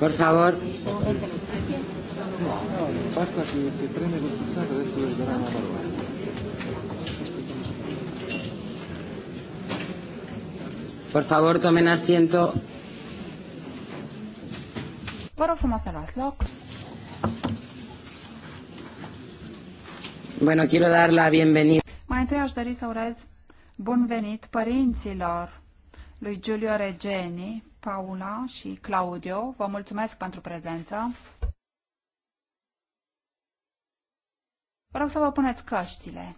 Por favor. Basta che si prende col pulsante, adesso lo daranno la parola. Por favor, tomen asiento. Vă rog frumos să luați loc. Bueno, quiero dar la bienvenida. Mai întâi aș dori să urez Bun venit părinților lui Giulio Regeni, Paula și Claudio. Vă mulțumesc pentru prezență. Vă rog să vă puneți căștile.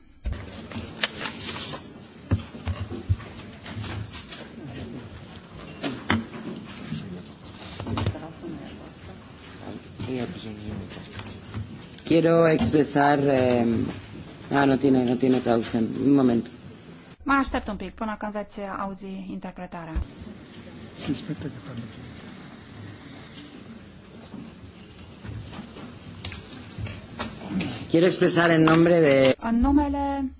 Quiero expresar... Eh, ah, no tiene, no tiene traducción. Un momento. Mai aștept un pic până când veți auzi interpretarea. Quiero expresar en nombre de... În numele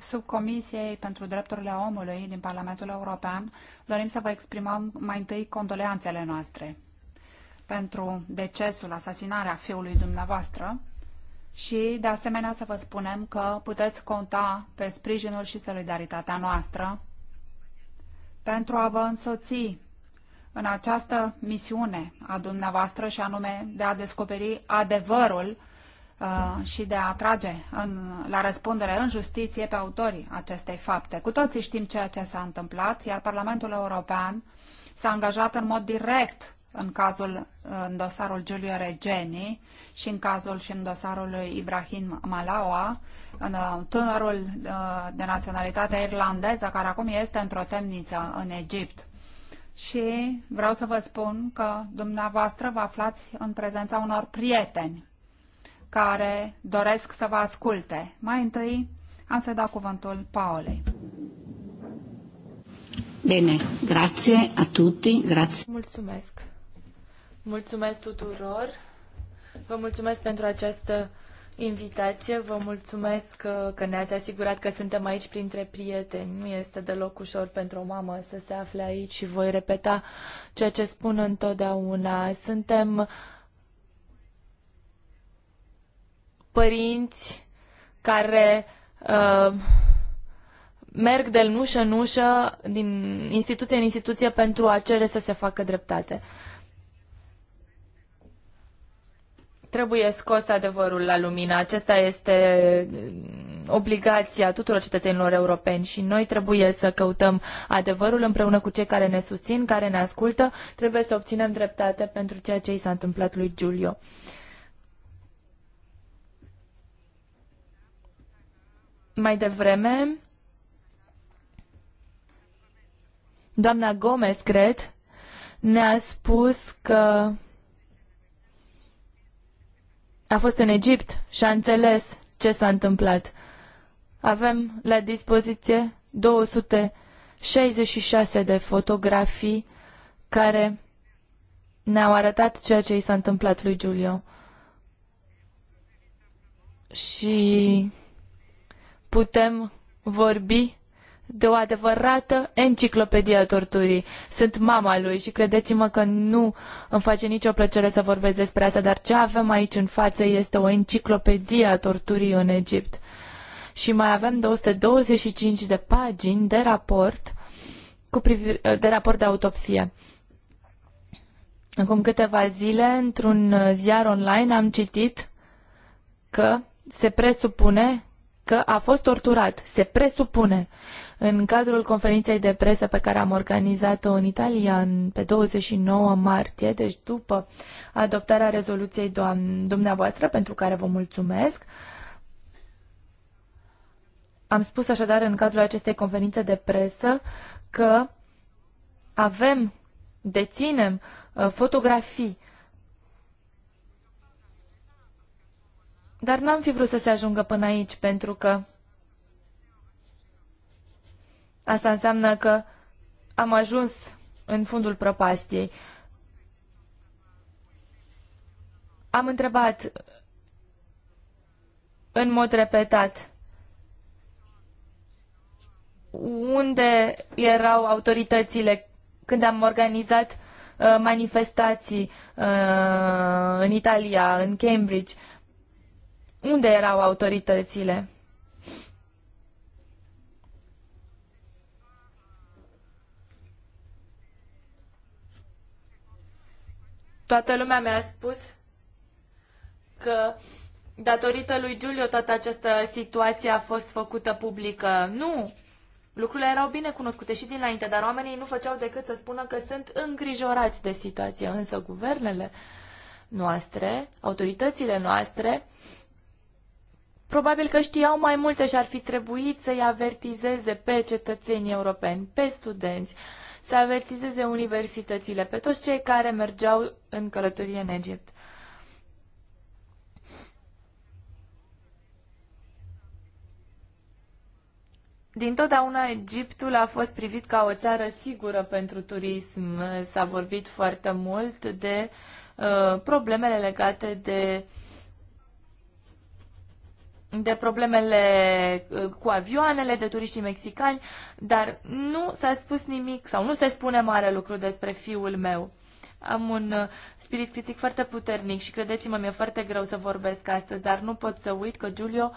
Subcomisiei pentru Drepturile Omului din Parlamentul European, dorim să vă exprimăm mai întâi condoleanțele noastre pentru decesul, asasinarea fiului dumneavoastră, și, de asemenea, să vă spunem că puteți conta pe sprijinul și solidaritatea noastră pentru a vă însoți în această misiune a dumneavoastră și anume de a descoperi adevărul uh, și de a atrage în, la răspundere în justiție pe autorii acestei fapte. Cu toții știm ceea ce s-a întâmplat, iar Parlamentul European s-a angajat în mod direct în cazul în dosarul Giulio Regeni și în cazul și în dosarul lui Ibrahim Malawa, în uh, tânărul uh, de naționalitate irlandeză care acum este într-o temniță în Egipt. Și vreau să vă spun că dumneavoastră vă aflați în prezența unor prieteni care doresc să vă asculte. Mai întâi am să dau cuvântul Paolei. Bine, grazie a tutti, grazie. Mulțumesc. Mulțumesc tuturor. Vă mulțumesc pentru această invitație. Vă mulțumesc că, că ne-ați asigurat că suntem aici printre prieteni. Nu este deloc ușor pentru o mamă să se afle aici și voi repeta ceea ce spun întotdeauna. Suntem părinți care uh, merg de nușă în ușă, din instituție în instituție pentru a cere să se facă dreptate. Uh, trebuie scos adevărul la lumină. Acesta este mm, obligația tuturor cetățenilor europeni și noi trebuie să căutăm adevărul împreună cu cei care ne susțin, care ne ascultă. Trebuie să obținem dreptate pentru ceea ce i s-a întâmplat lui Giulio. Mai devreme, doamna Gomez, cred, ne-a spus că a fost în Egipt și a înțeles ce s-a întâmplat. Avem la dispoziție 266 de fotografii care ne-au arătat ceea ce i s-a întâmplat lui Giulio. Și putem vorbi de o adevărată enciclopedie a torturii. Sunt mama lui și credeți-mă că nu îmi face nicio plăcere să vorbesc despre asta, dar ce avem aici în față este o enciclopedie a torturii în Egipt. Și mai avem 225 de pagini de raport cu privi... de raport de autopsie. Acum câteva zile, într-un ziar online, am citit că se presupune că a fost torturat. Se presupune. În cadrul conferinței de presă pe care am organizat-o în Italia în, pe 29 martie, deci după adoptarea rezoluției dumneavoastră, pentru care vă mulțumesc, am spus așadar în cadrul acestei conferințe de presă că avem, deținem uh, fotografii dar n-am fi vrut să se ajungă până aici, pentru că Asta înseamnă că am ajuns în fundul prăpastiei. Am întrebat în mod repetat unde erau autoritățile când am organizat uh, manifestații uh, în Italia, în Cambridge. Unde erau autoritățile? Toată lumea mi-a spus că datorită lui Giulio toată această situație a fost făcută publică. Nu! Lucrurile erau bine cunoscute și dinainte, dar oamenii nu făceau decât să spună că sunt îngrijorați de situație. Însă guvernele noastre, autoritățile noastre, probabil că știau mai multe și ar fi trebuit să-i avertizeze pe cetățenii europeni, pe studenți, uh, să avertizeze universitățile pe toți cei care mergeau în călătorie în Egipt. Din totdeauna Egiptul a fost privit ca o țară sigură pentru turism. S-a vorbit foarte mult de uh, problemele legate de uh, de problemele uh, cu avioanele, de turiștii mexicani, dar nu s-a spus nimic sau nu se spune mare lucru despre fiul meu. Am un uh, spirit critic foarte puternic și credeți-mă, mi-e foarte greu să vorbesc astăzi, dar nu pot să uit că Giulio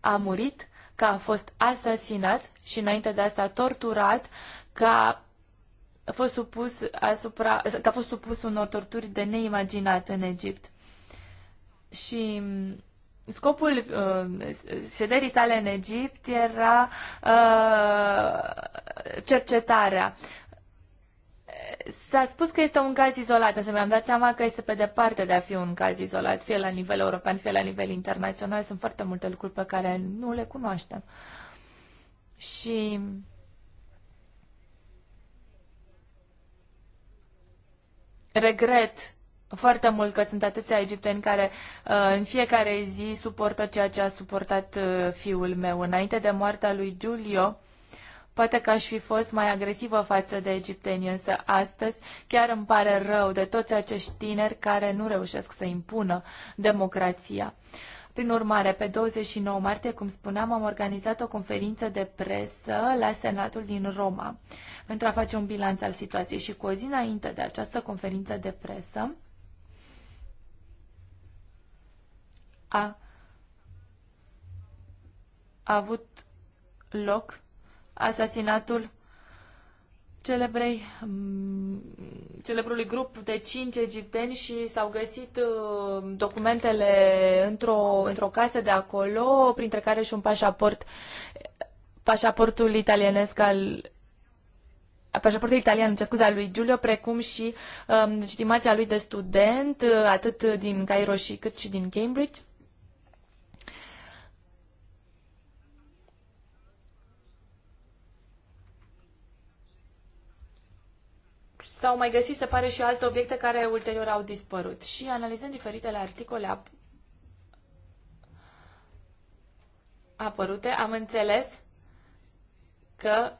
a murit, că a fost asasinat și înainte de asta torturat, că a a fost supus, asupra, că a fost supus unor torturi de neimaginat în Egipt. Și mm, Scopul uh, șederii sale în Egipt era uh, cercetarea. S-a spus că este un caz izolat, însă mi-am dat seama că este pe departe de a fi un caz izolat, fie la nivel european, fie la nivel internațional. Sunt foarte multe lucruri pe care nu le cunoaștem. Și regret foarte mult că sunt atâția egipteni care uh, în fiecare zi suportă ceea ce a suportat uh, fiul meu. Înainte de moartea lui Giulio, poate că aș fi fost mai agresivă față de egipteni, însă astăzi chiar îmi pare rău de toți acești tineri care nu reușesc să impună democrația. Prin urmare, pe 29 martie, cum spuneam, am organizat o conferință de presă la Senatul din Roma pentru a face un bilanț al situației și cu o zi înainte de această conferință de presă, a, a avut loc asasinatul celebrei, celebrului grup de cinci egipteni și s-au găsit uh, documentele într-o, într-o casă de acolo, printre care și un pașaport, pașaportul italienesc al pașaportul italian, ce scuze, al lui Giulio, precum și um, legitimația lui de student, uh, atât din Cairo și cât și din Cambridge. S-au mai găsit, se pare, și alte obiecte care ulterior au dispărut. Și analizând diferitele articole apărute, am înțeles că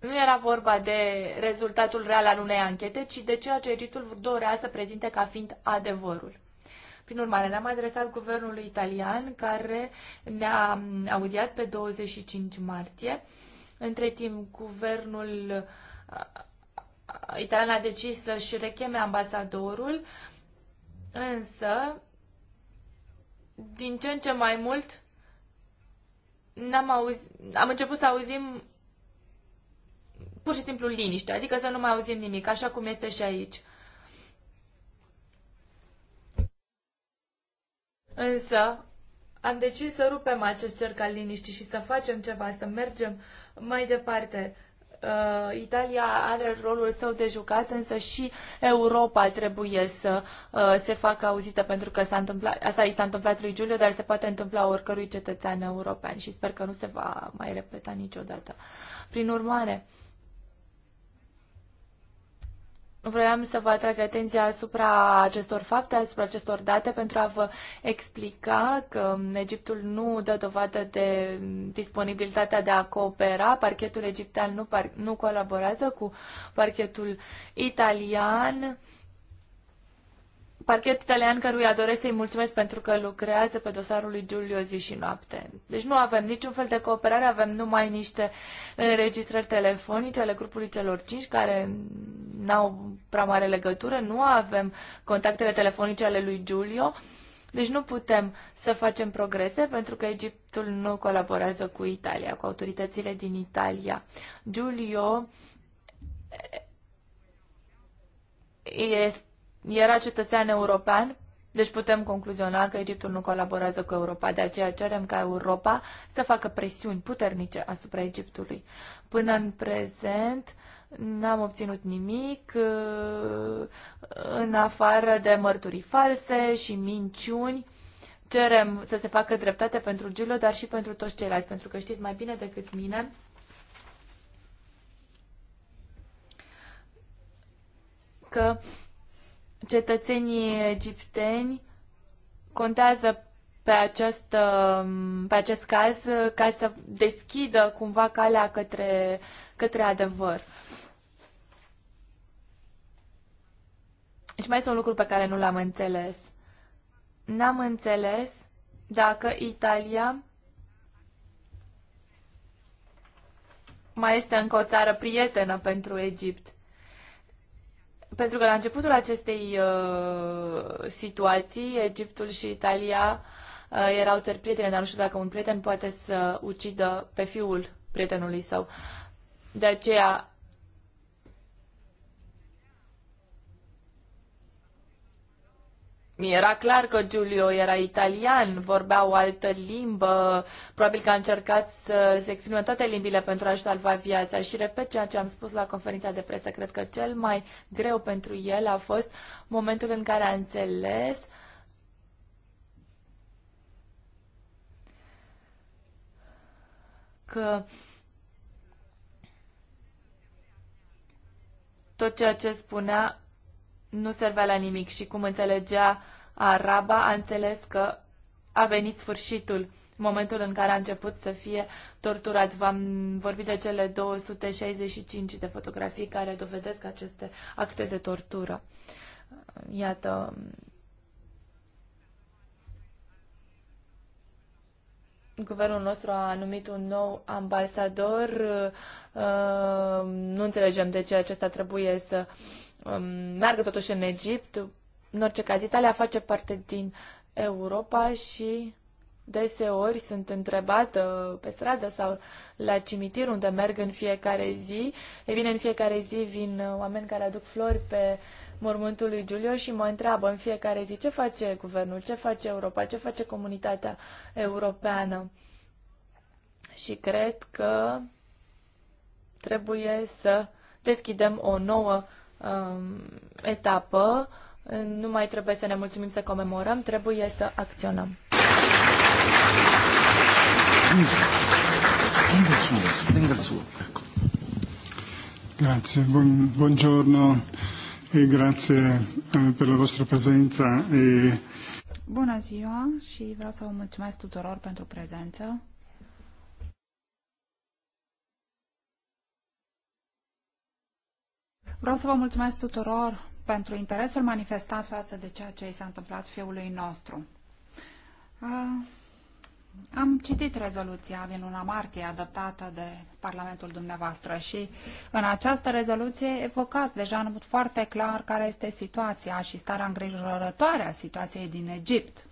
nu era vorba de rezultatul real al unei anchete, ci de ceea ce Egiptul dorea să prezinte ca fiind adevărul. Prin urmare, ne-am adresat guvernului italian care ne-a audiat pe 25 martie. Între timp, guvernul uh, italian a decis să-și recheme ambasadorul, însă, din ce în ce mai mult, am auzit, am început să auzim pur și simplu liniște, adică să nu mai auzim nimic, așa cum este și aici. Însă am decis să rupem acest cerc al liniștii și să facem ceva, să mergem mai departe. Uh, Italia are rolul său de jucat, însă și Europa trebuie să uh, se facă auzită pentru că s-a întâmplat, asta i s-a întâmplat lui Giulio, dar se poate întâmpla oricărui cetățean european și sper că nu se va mai repeta niciodată. Prin urmare, uh, Vroiam să vă atrag atenția asupra acestor fapte, asupra acestor date, pentru a vă explica că um, Egiptul nu dă dovadă de um, disponibilitatea de a coopera. Parchetul egiptean nu, par- nu colaborează cu parchetul italian parchet italian căruia doresc să-i mulțumesc pentru că lucrează pe dosarul lui Giulio zi și noapte. Deci nu avem niciun fel de cooperare, avem numai niște înregistrări telefonice ale grupului celor cinci care n-au prea mare legătură, nu avem contactele telefonice ale lui Giulio, deci nu putem să facem progrese pentru că Egiptul nu colaborează cu Italia, cu autoritățile din Italia. Giulio este era cetățean european, deci putem concluziona că Egiptul nu colaborează cu Europa, de aceea cerem ca Europa să facă presiuni puternice asupra Egiptului. Până în prezent n-am obținut nimic în afară de mărturii false și minciuni. Cerem să se facă dreptate pentru Gilo, dar și pentru toți ceilalți, pentru că știți mai bine decât mine că cetățenii egipteni contează pe acest, um, pe acest caz ca să deschidă cumva calea către, către adevăr. Și mai este un lucru pe care nu l-am înțeles. N-am înțeles dacă Italia mai este încă o țară prietenă pentru Egipt. Pentru că la începutul acestei uh, situații, Egiptul și Italia uh, erau țări prietene, dar nu știu dacă un prieten poate să ucidă pe fiul prietenului său. De aceea era clar că Giulio era italian, vorbea o altă limbă, probabil că a încercat să se exprime toate limbile pentru a-și salva viața. Și repet ceea ce am spus la conferința de presă, cred că cel mai greu pentru el a fost momentul în care a înțeles că tot ceea ce spunea nu servea la nimic și cum înțelegea araba, a înțeles că a venit sfârșitul, momentul în care a început să fie torturat. V-am vorbit de cele 265 de fotografii care dovedesc aceste acte de tortură. Iată. Guvernul nostru a numit un nou ambasador. Uh, nu înțelegem de ce acesta trebuie să uh, Um, meargă totuși în Egipt. În orice caz, Italia face parte din Europa și deseori sunt întrebată uh, pe stradă sau la cimitir unde merg în fiecare zi. E bine, în fiecare zi vin uh, oameni care aduc flori pe mormântul lui Giulio și mă întreabă în fiecare zi ce face guvernul, ce face Europa, ce face comunitatea europeană. Și cred că trebuie să deschidem o nouă um, etapă. Nu mai trebuie să ne mulțumim să comemorăm, trebuie să acționăm. Ecco. Grazie, buon, buongiorno e grazie eh, per la vostra presenza. E... Buona ziua și vreau să vă mulțumesc tuturor pentru prezență. Vreau să vă mulțumesc tuturor pentru interesul manifestat față de ceea ce i s-a întâmplat fiului nostru. Am citit rezoluția din luna martie adoptată de Parlamentul dumneavoastră și în această rezoluție evocați deja în mod foarte clar care este situația și starea îngrijorătoare a situației din Egipt.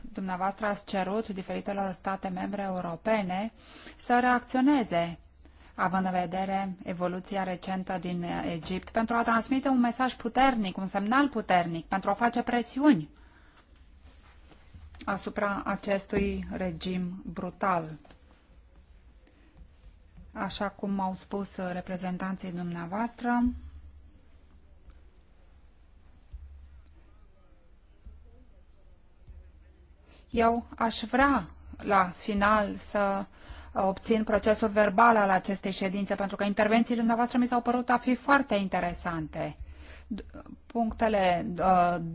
Dumneavoastră ați cerut diferitelor state membre europene să reacționeze având în vedere evoluția recentă din Egipt, pentru a transmite un mesaj puternic, un semnal puternic, pentru a face presiuni asupra acestui regim brutal. Așa cum au spus reprezentanții dumneavoastră, eu aș vrea la final să uh, obțin procesul verbal al acestei ședințe, pentru că intervențiile dumneavoastră mi s-au părut a fi foarte interesante. Punctele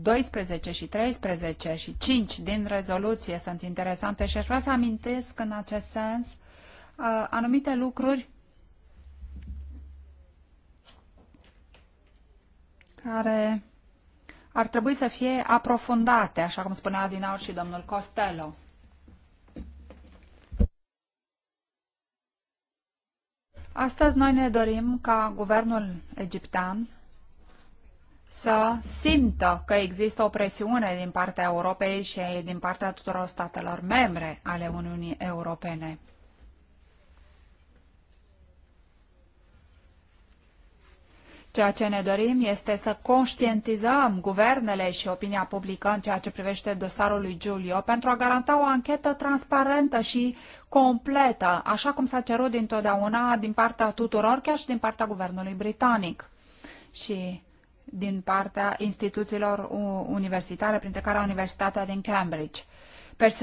12 uh, și 13 și 5 din rezoluție sunt interesante și aș vrea să amintesc în acest sens uh, anumite lucruri care ar trebui să fie aprofundate, așa cum spunea din aur și domnul Costello. Astăzi noi ne dorim ca guvernul egiptean să simtă că există o presiune din partea Europei și din partea tuturor statelor membre ale Uniunii Europene. Ceea ce ne dorim este să conștientizăm guvernele și opinia publică în ceea ce privește dosarul lui Giulio pentru a garanta o anchetă transparentă și completă, așa cum s-a cerut dintotdeauna din partea tuturor, chiar și din partea guvernului britanic și din partea instituțiilor universitare, printre care Universitatea din Cambridge.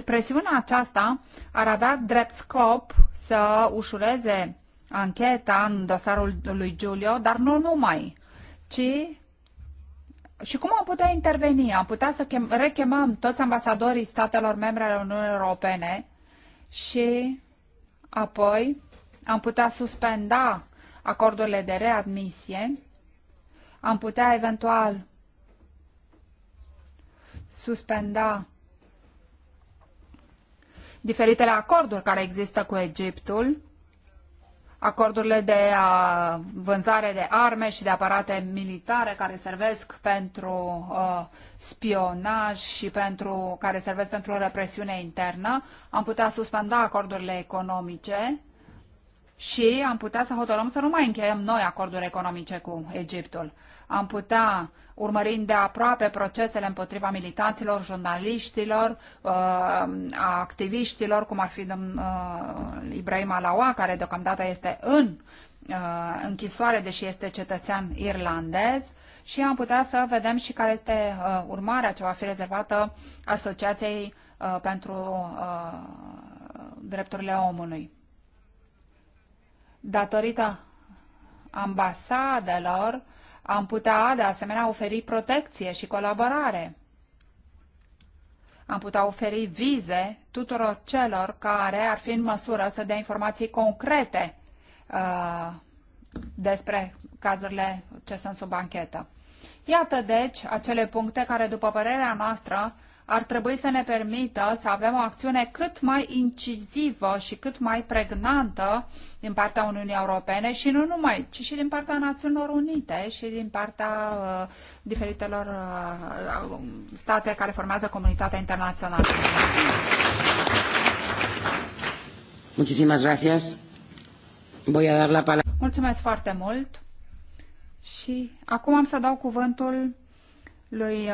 Presiunea aceasta ar avea drept scop să ușureze ancheta în dosarul lui Giulio, dar nu numai, ci și cum am putea interveni? Am putea să chem, rechemăm toți ambasadorii statelor membre ale Uniunii Europene și apoi am putea suspenda acordurile de readmisie, am putea eventual suspenda diferitele acorduri care există cu Egiptul acordurile de vânzare de arme și de aparate militare care servesc pentru uh, spionaj și pentru, care servesc pentru represiune internă. Am putea suspenda acordurile economice și am putea să hotărâm să nu mai încheiem noi acorduri economice cu Egiptul. Am putea urmărind de aproape procesele împotriva militanților, jurnaliștilor, uh, a activiștilor, cum ar fi uh, Ibrahim Alawa, care deocamdată este în uh, închisoare, deși este cetățean irlandez și am putea să vedem și care este urmarea ce va fi rezervată Asociației pentru Drepturile Omului. Datorită ambasadelor, am putea, de asemenea, oferi protecție și colaborare. Am putea oferi vize tuturor celor care ar fi în măsură să dea informații concrete uh, despre cazurile ce sunt sub anchetă. Iată, deci, acele puncte care, după părerea noastră, ar trebui să ne permită să avem o acțiune cât mai incizivă și cât mai pregnantă din partea Uniunii Europene și nu numai, ci și din partea Națiunilor Unite și din partea uh, diferitelor uh, state care formează comunitatea internațională. gracias. Mulțumesc foarte mult. Și acum am să dau cuvântul lui uh,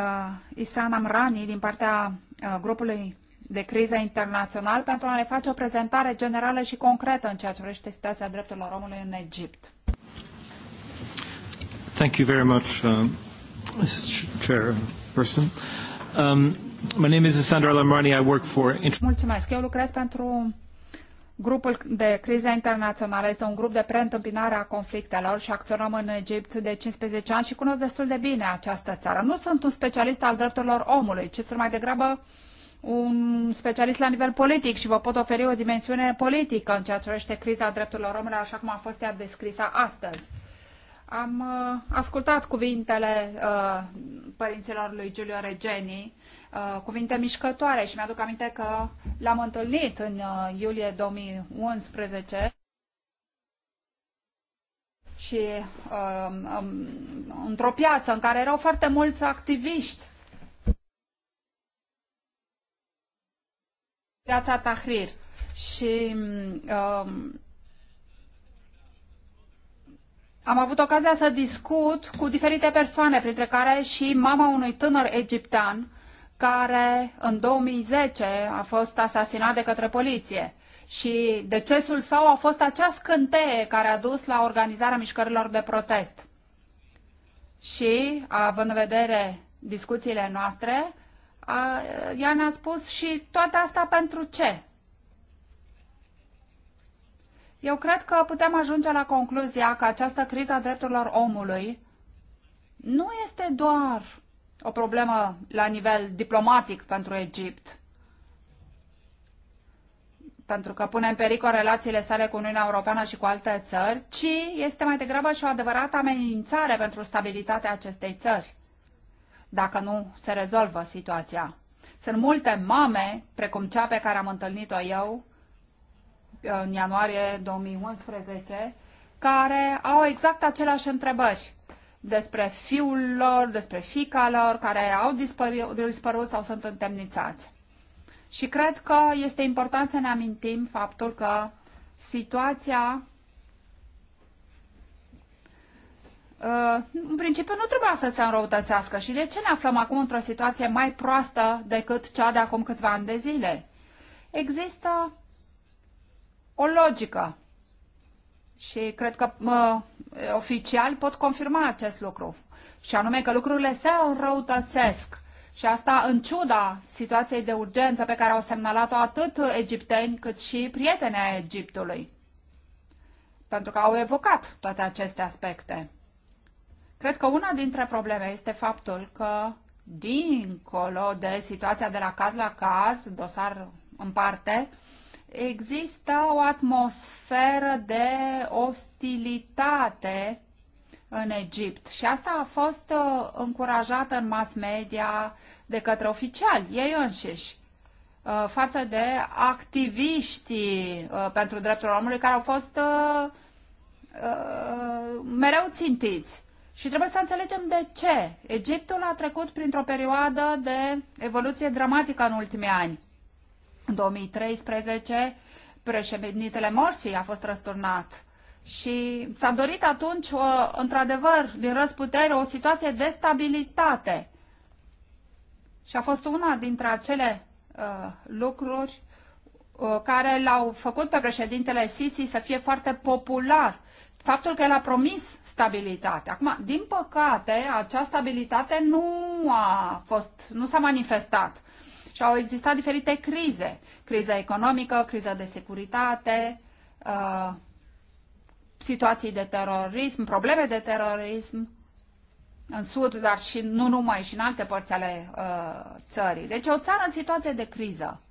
Isan Amrani din partea uh, grupului de criză internațional pentru a ne face o prezentare generală și concretă în ceea ce vrește situația drepturilor omului în Egipt. Thank you very much, um, Mrs. Chairperson. Um, my name is Sandra Lamrani. I work for... Mulțumesc. Eu lucrez pentru Grupul de criză internațională este un grup de preîntâmpinare a conflictelor și acționăm în Egipt de 15 ani și cunosc destul de bine această țară. Nu sunt un specialist al drepturilor omului, ci sunt mai degrabă un specialist la nivel politic și vă pot oferi o dimensiune politică în ceea ce privește criza drepturilor omului, așa cum a fost ea descrisă astăzi. Am uh, ascultat cuvintele uh, părinților lui Giulio Regeni Uh, cuvinte mișcătoare și mi-aduc aminte că l-am întâlnit în uh, iulie 2011 și um, um, într-o piață în care erau foarte mulți activiști. Piața Tahrir. Și um, am avut ocazia să discut cu diferite persoane, printre care și mama unui tânăr egiptean care în 2010 a fost asasinat de către poliție. Și decesul său a fost acea scânteie care a dus la organizarea mișcărilor de protest. Și, având în vedere discuțiile noastre, ea ne-a spus și toate asta pentru ce? Eu cred că putem ajunge la concluzia că această criză a drepturilor omului nu este doar o problemă la nivel diplomatic pentru Egipt, pentru că pune în pericol relațiile sale cu Uniunea Europeană și cu alte țări, ci este mai degrabă și o adevărată amenințare pentru stabilitatea acestei țări, dacă nu se rezolvă situația. Sunt multe mame, precum cea pe care am întâlnit-o eu în ianuarie 2011, care au exact aceleași întrebări despre fiul lor, despre fica lor, care au dispărut, dispărut sau sunt întemnițați. Și cred că este important să ne amintim faptul că situația uh, în principiu nu trebuia să se înrăutățească și de ce ne aflăm acum într-o situație mai proastă decât cea de acum câțiva ani de zile? Există o logică și cred că mă, oficial pot confirma acest lucru. Și anume că lucrurile se înrăutățesc. Și asta în ciuda situației de urgență pe care au semnalat-o atât egipteni cât și prietenii a Egiptului. Pentru că au evocat toate aceste aspecte. Cred că una dintre probleme este faptul că, dincolo de situația de la caz la caz, dosar în parte, uh, există o atmosferă de ostilitate în Egipt și asta a fost uh, încurajată în mass media de către oficiali, ei înșiși uh, față de activiștii uh, pentru drepturile omului care au fost uh, uh, mereu țintiți. Și trebuie să înțelegem de ce. Egiptul a trecut printr-o perioadă de evoluție dramatică în ultimii ani. În 2013, președintele Morsi a fost răsturnat și s-a dorit atunci, într-adevăr, din răzputere, o situație de stabilitate. Și a fost una dintre acele uh, lucruri uh, care l-au făcut pe președintele Sisi să fie foarte popular. Faptul că el a promis stabilitate. Acum, din păcate, acea stabilitate nu a fost, nu s-a manifestat. Și au existat diferite crize. Criza economică, criza de securitate, uh, situații de terorism, probleme de terorism în sud, dar și nu numai, și în alte părți ale uh, țării. Deci o țară în situație de criză.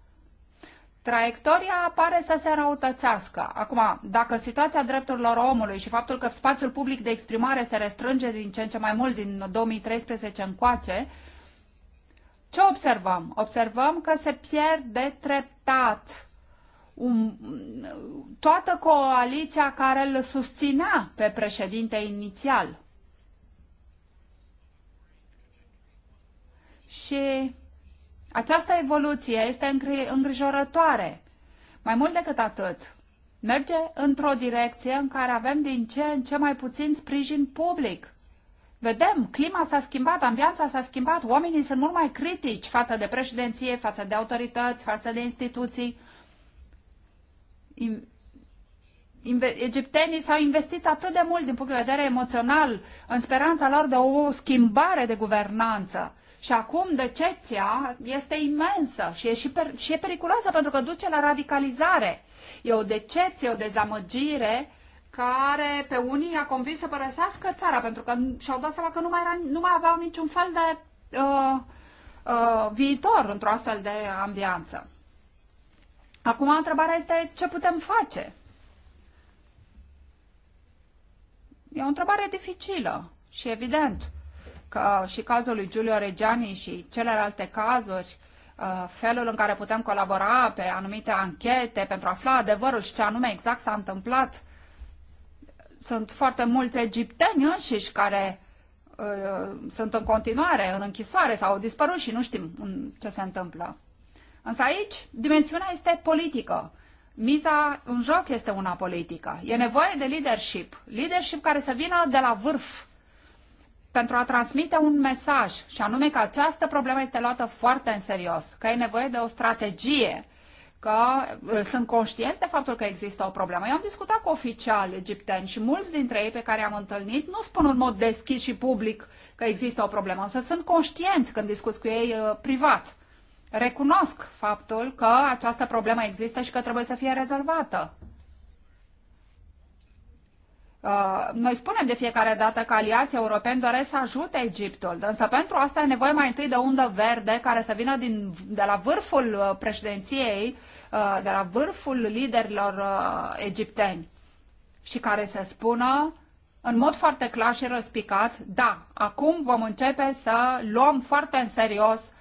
Traiectoria pare să se răutățească. Acum, dacă situația drepturilor omului și faptul că spațiul public de exprimare se restrânge din ce în ce mai mult din 2013 încoace, uh, ce observăm? Observăm că se pierde treptat um, toată coaliția care îl susținea pe președinte inițial. Și această evoluție este îngrijorătoare. Mai mult decât atât, merge într-o direcție în care avem din ce în ce mai puțin sprijin public Vedem, clima s-a schimbat, ambianța s-a schimbat, oamenii sunt mult mai critici față de președinție, față de autorități, față de instituții. Egiptenii s-au investit atât de mult din punct de vedere emoțional în speranța lor de o schimbare de guvernanță. Și acum decepția este imensă și e, și, per- și e periculoasă pentru că duce la radicalizare. E o decepție, o dezamăgire care pe unii i-a convins să părăsească țara, pentru că și-au dat seama că nu mai, era, nu mai aveau niciun fel de uh, uh, viitor într-o astfel de ambianță. Acum întrebarea este ce putem face? E o întrebare dificilă și evident că și cazul lui Giulio Regiani și celelalte cazuri, uh, felul în care putem colabora pe anumite anchete pentru a afla adevărul și ce anume exact s-a întâmplat sunt foarte mulți egipteni înșiși care uh, sunt în continuare în închisoare sau au dispărut și nu știm ce se întâmplă. Însă aici dimensiunea este politică. Miza în joc este una politică. E nevoie de leadership. Leadership care să vină de la vârf pentru a transmite un mesaj, și anume că această problemă este luată foarte în serios, că e nevoie de o strategie că uh, sunt conștienți de faptul că există o problemă. Eu am discutat cu oficiali egipteni și mulți dintre ei pe care am întâlnit nu spun în mod deschis și public că există o problemă, însă sunt conștienți când discut cu ei uh, privat. Recunosc faptul că această problemă există și că trebuie să fie rezolvată. Uh, noi spunem de fiecare dată că aliații europeni doresc să ajute Egiptul, însă pentru asta e nevoie mai întâi de undă verde care să vină din, de la vârful uh, președinției, uh, de la vârful liderilor egipteni și care să spună în mod foarte clar și răspicat, da, acum vom începe să luăm foarte în serios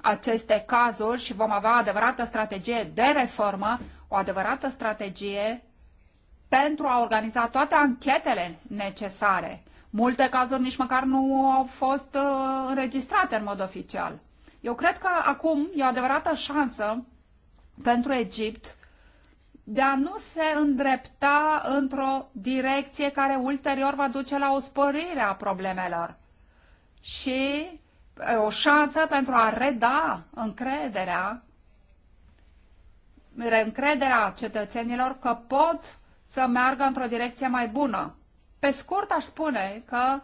aceste cazuri și vom avea o adevărată strategie de reformă, o adevărată strategie pentru a organiza toate anchetele necesare. Multe cazuri nici măcar nu au fost uh, înregistrate în mod oficial. Eu cred că acum e o adevărată șansă pentru Egipt de a nu se îndrepta într-o direcție care ulterior va duce la o spărire a problemelor și uh, o șansă pentru a reda încrederea încrederea cetățenilor că pot să meargă într-o direcție mai bună. Pe scurt, aș spune că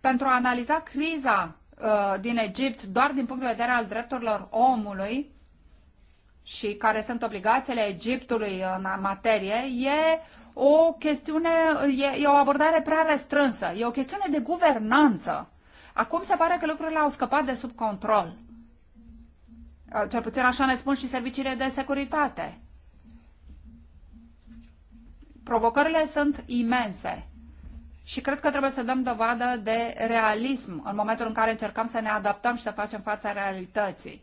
pentru a analiza criza uh, din Egipt doar din punct de vedere al drepturilor omului și care sunt obligațiile Egiptului în materie, e o chestiune, e, e o abordare prea restrânsă, e o chestiune de guvernanță. Acum se pare că lucrurile au scăpat de sub control. Uh, cel puțin așa ne spun și serviciile de securitate. Provocările sunt imense și cred că trebuie să dăm dovadă de realism în momentul în care încercăm să ne adaptăm și să facem fața realității.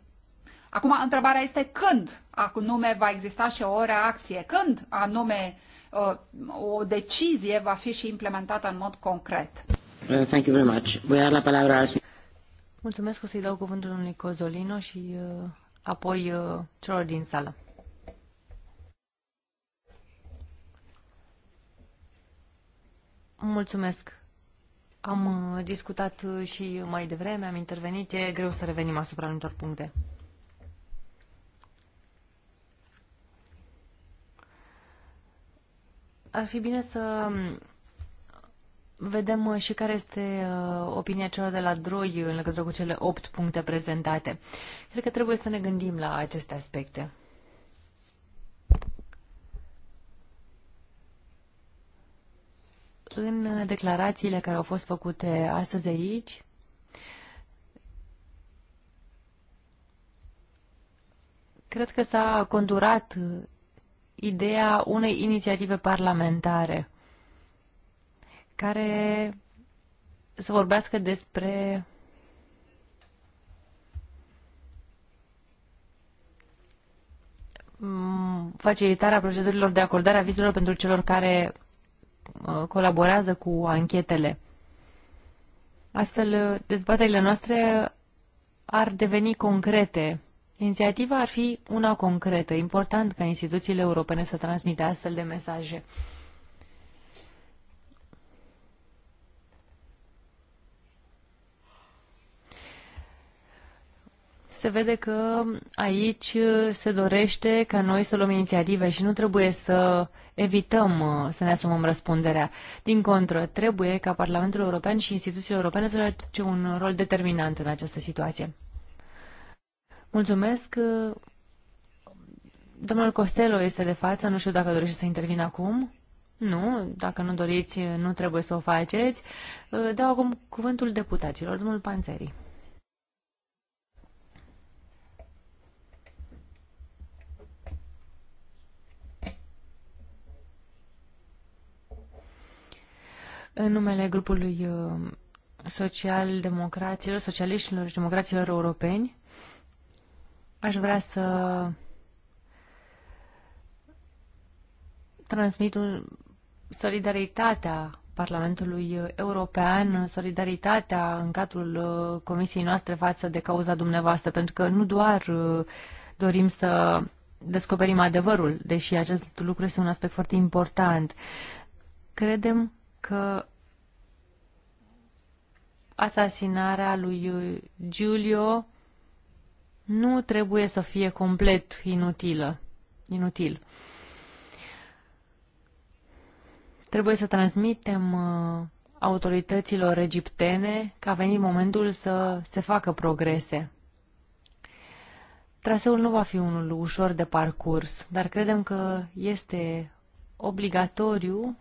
Acum, întrebarea este când anume va exista și o reacție, când anume uh, o decizie va fi și implementată în mod concret. Uh, thank you very much. Voi da la palabra Mulțumesc că să-i dau cuvântul lui Cozolino și uh, apoi celor din sală. Mulțumesc. Am uh, discutat uh, și mai devreme, am intervenit. E greu să revenim asupra anumitor puncte. Ar fi bine să um, vedem uh, și care este opinia celor de la DROI în legătură cu cele opt puncte prezentate. Cred că trebuie să ne gândim la aceste aspecte. În declarațiile care au fost făcute astăzi aici, cred că s-a condurat ideea unei inițiative parlamentare care să vorbească despre facilitarea procedurilor de acordare a vizelor pentru celor care Uh, colaborează cu anchetele. Astfel, uh, dezbaterile noastre ar deveni concrete. Inițiativa ar fi una concretă. Important ca instituțiile europene să transmită astfel de mesaje. se vede că aici se dorește ca noi să luăm inițiative și nu trebuie să evităm uh, să ne asumăm răspunderea. Din contră, trebuie ca Parlamentul European și instituțiile europene să joace un rol determinant în această situație. Mulțumesc. Uh, domnul Costello este de față, nu știu dacă dorește să intervină acum. Nu, dacă nu doriți, nu trebuie să o faceți. Uh, dau acum cuvântul deputaților, domnul Panțeri. În numele grupului uh, social-democraților, socialiștilor și democraților europeni, aș vrea să transmit solidaritatea Parlamentului European, solidaritatea în cadrul uh, comisiei noastre față de cauza dumneavoastră, pentru că nu doar uh, dorim să descoperim adevărul, deși acest lucru este un aspect foarte important. Credem că asasinarea lui Giulio nu trebuie să fie complet inutilă, inutil. Trebuie să transmitem uh, autorităților egiptene că a venit momentul să se facă progrese. Traseul nu va fi unul ușor de parcurs, dar credem că este obligatoriu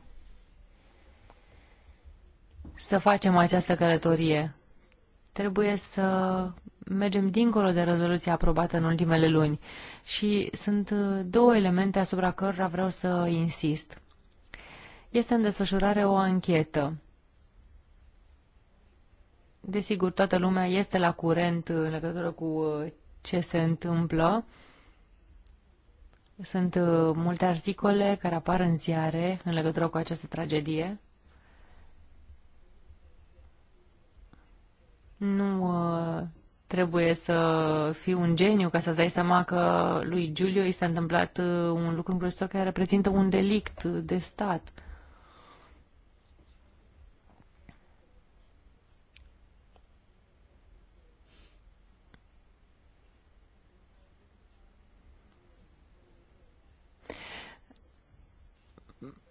să facem această călătorie. Trebuie să mergem dincolo de rezoluția aprobată în ultimele luni și sunt uh, două elemente asupra cărora vreau să insist. Este în desfășurare o anchetă. Desigur, toată lumea este la curent în legătură cu uh, ce se întâmplă. Sunt uh, multe articole care apar în ziare în legătură cu această tragedie. Nu uh, trebuie să fii un geniu ca să-ți dai seama că lui Giulio i s-a întâmplat uh, un lucru îngrozitor care reprezintă un delict de stat.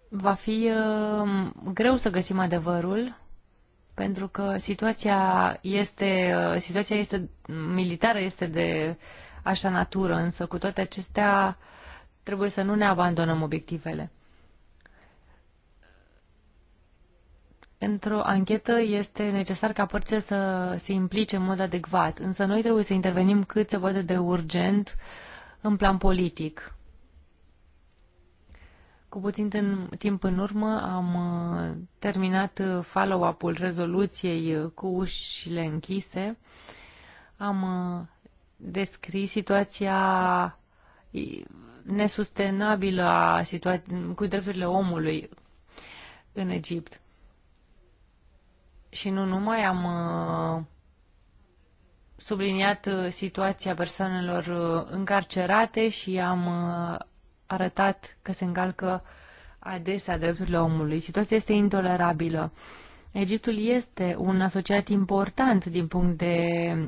Va fi uh, greu să găsim adevărul pentru că situația este, situația este militară, este de așa natură, însă cu toate acestea trebuie să nu ne abandonăm obiectivele. Într-o anchetă este necesar ca părțile să se implice în mod adecvat, însă noi trebuie să intervenim cât se poate de urgent în plan politic. Cu puțin timp în urmă am uh, terminat uh, follow-up-ul rezoluției uh, cu ușile închise. Am descris situația nesustenabilă a situa- cu drepturile omului în Egipt. Și nu numai am subliniat situația persoanelor încarcerate și am arătat că se încalcă adesea drepturile omului. Situația este intolerabilă. Egiptul este un asociat important din punct de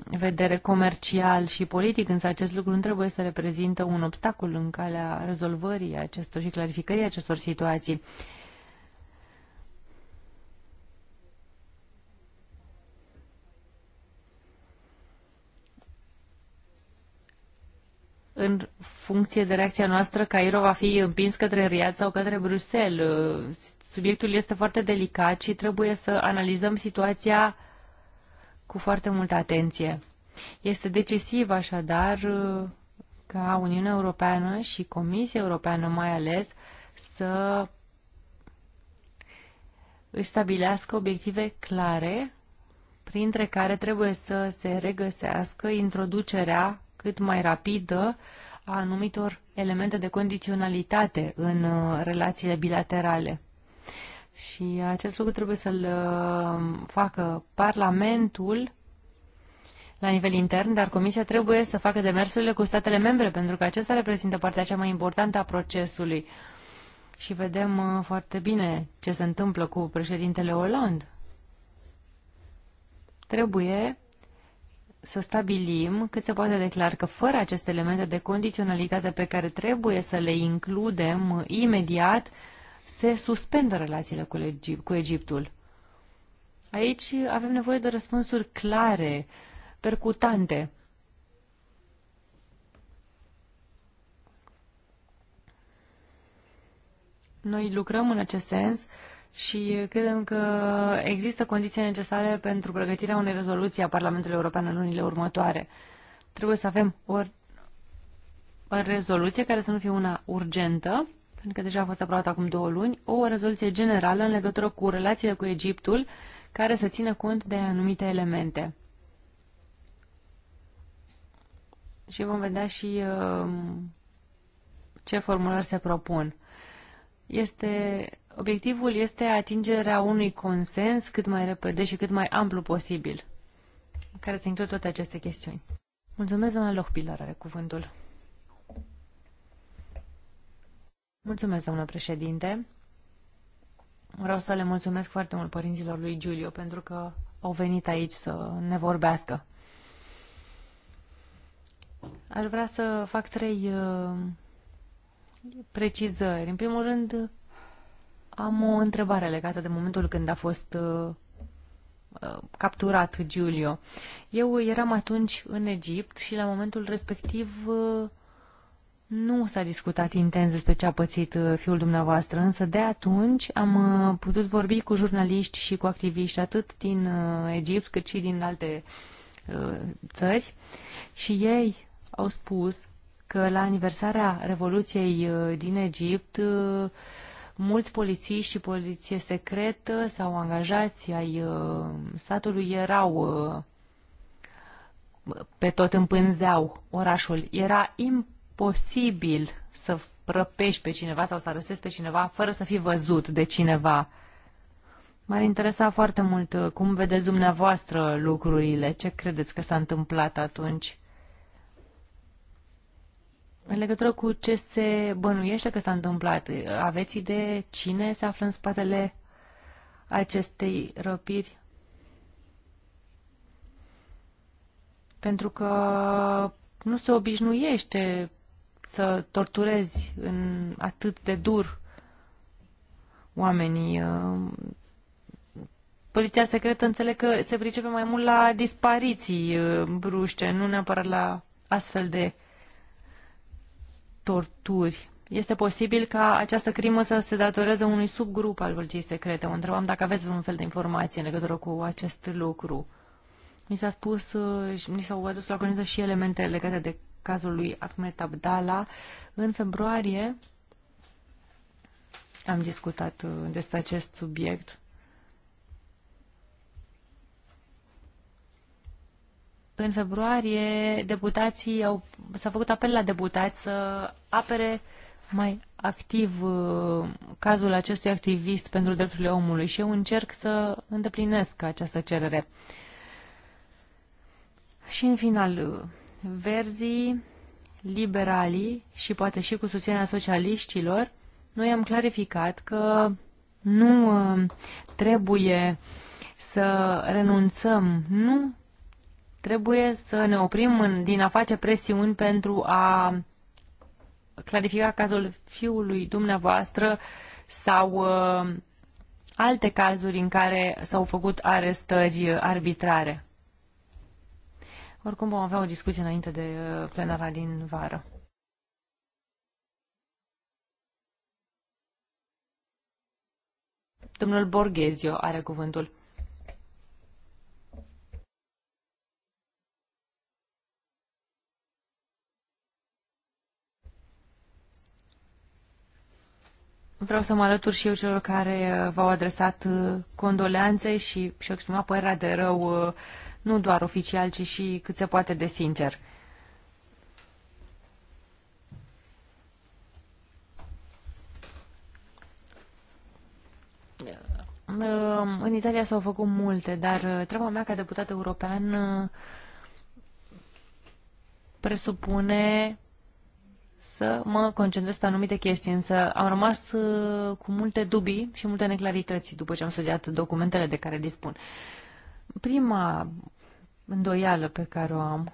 vedere comercial și politic, însă acest lucru nu trebuie să reprezintă un obstacol în calea rezolvării acestor și clarificării acestor situații. în funcție de reacția noastră, Cairo va fi împins către Riad sau către Bruxelles. Subiectul este foarte delicat și trebuie să analizăm situația cu foarte multă atenție. Este decisiv așadar ca Uniunea Europeană și Comisia Europeană mai ales să își stabilească obiective clare, printre care trebuie să se regăsească introducerea cât mai rapidă a anumitor elemente de condiționalitate în uh, relațiile bilaterale. Și acest lucru trebuie să-l uh, facă Parlamentul la nivel intern, dar Comisia trebuie să facă demersurile cu statele membre, pentru că acesta reprezintă partea cea mai importantă a procesului. Și vedem uh, foarte bine ce se întâmplă cu președintele Oland. Trebuie să stabilim cât se poate declar că fără aceste elemente de condiționalitate pe care trebuie să le includem imediat, se suspendă relațiile cu, Egip, cu Egiptul. Aici avem nevoie de răspunsuri clare, percutante. Noi lucrăm în acest sens și credem că există condiții necesare pentru pregătirea unei rezoluții a Parlamentului European în lunile următoare. Trebuie să avem o rezoluție care să nu fie una urgentă, pentru că deja a fost aprobată acum două luni, o rezoluție generală în legătură cu relațiile cu Egiptul, care să țină cont de anumite elemente. Și vom vedea și uh, ce formulări se propun. Este Obiectivul este atingerea unui consens cât mai repede și cât mai amplu posibil, care se include toate aceste chestiuni. Mulțumesc, doamna Lohpilar, are cuvântul. Mulțumesc, doamnă președinte. Vreau să le mulțumesc foarte mult părinților lui Giulio pentru că au venit aici să ne vorbească. Aș vrea să fac trei uh, precizări. În primul rând, am o întrebare legată de momentul când a fost uh, uh, capturat Giulio. Eu eram atunci în Egipt și la momentul respectiv uh, nu s-a discutat intens despre ce a pățit fiul dumneavoastră, însă de atunci am putut vorbi cu jurnaliști și cu activiști atât din Egipt cât și din alte țări și ei au spus că la aniversarea Revoluției din Egipt mulți polițiști și poliție secretă sau angajații ai uh, statului erau uh, pe tot împânzeau orașul. Era imposibil să răpești pe cineva sau să arestezi pe cineva fără să fii văzut de cineva. M-ar interesa foarte mult uh, cum vedeți dumneavoastră lucrurile, ce credeți că s-a întâmplat atunci. În legătură cu ce se bănuiește că s-a întâmplat, aveți idee cine se află în spatele acestei răpiri? Pentru că nu se obișnuiește să torturezi în atât de dur oamenii. Poliția secretă înțeleg că se pricepe mai mult la dispariții uh, bruște, nu neapărat la astfel de torturi. Este posibil ca această crimă să se datoreze unui subgrup al vâlcii secrete. O întrebam dacă aveți vreun fel de informație în legătură cu acest lucru. Mi s-a spus, uh, mi s-au adus la cunoștință și elemente legate de cazul lui Ahmed Abdala. În februarie am discutat uh, despre acest subiect În februarie, deputații au, s-a făcut apel la deputați să apere mai activ uh, cazul acestui activist pentru drepturile omului și eu încerc să îndeplinesc această cerere. Și în final, uh, verzii, liberalii și poate și cu susținerea socialiștilor, noi am clarificat că nu uh, trebuie să renunțăm, nu Trebuie să ne oprim în, din a face presiuni pentru a clarifica cazul fiului dumneavoastră sau uh, alte cazuri în care s-au făcut arestări arbitrare. Oricum vom avea o discuție înainte de uh, plenara din vară. Domnul Borghezio are cuvântul. Vreau să mă alătur și eu celor care uh, v-au adresat uh, condoleanțe și și-au exprimat părerea de rău, uh, nu doar oficial, ci și cât se poate de sincer. În Italia s-au făcut multe, dar treaba mea ca deputat european presupune să mă concentrez pe anumite chestii, însă am rămas uh, cu multe dubii și multe neclarități după ce am studiat documentele de care dispun. Prima îndoială pe care o am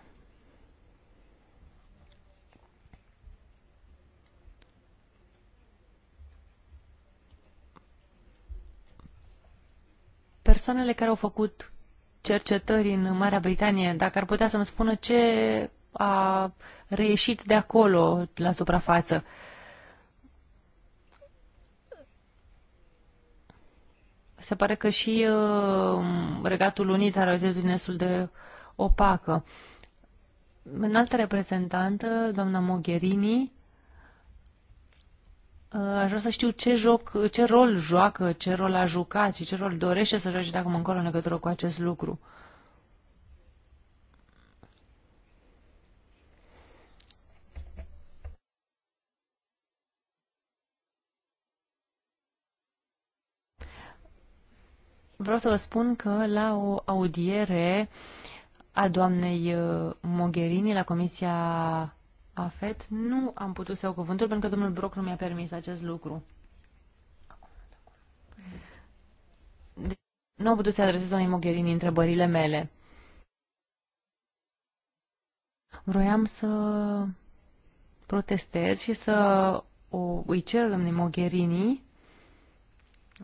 persoanele care au făcut cercetări în Marea Britanie, dacă ar putea să-mi spună ce a reieșit de acolo, la suprafață. Se pare că și uh, Regatul Unit are o atitudine destul de opacă. În altă reprezentantă, doamna Mogherini, uh, aș vrea să știu ce, joc, ce rol joacă, ce rol a jucat și ce rol dorește să joace dacă mă încolo în legătură cu acest lucru. Uh, vreau să vă spun că la o audiere a doamnei uh, Mogherini la Comisia AFET nu am putut să iau cuvântul pentru că domnul Broc nu mi-a permis acest lucru. Deci, nu am putut să adresez doamnei Mogherini întrebările mele. Vroiam să protestez și să o, îi cer doamnei Mogherini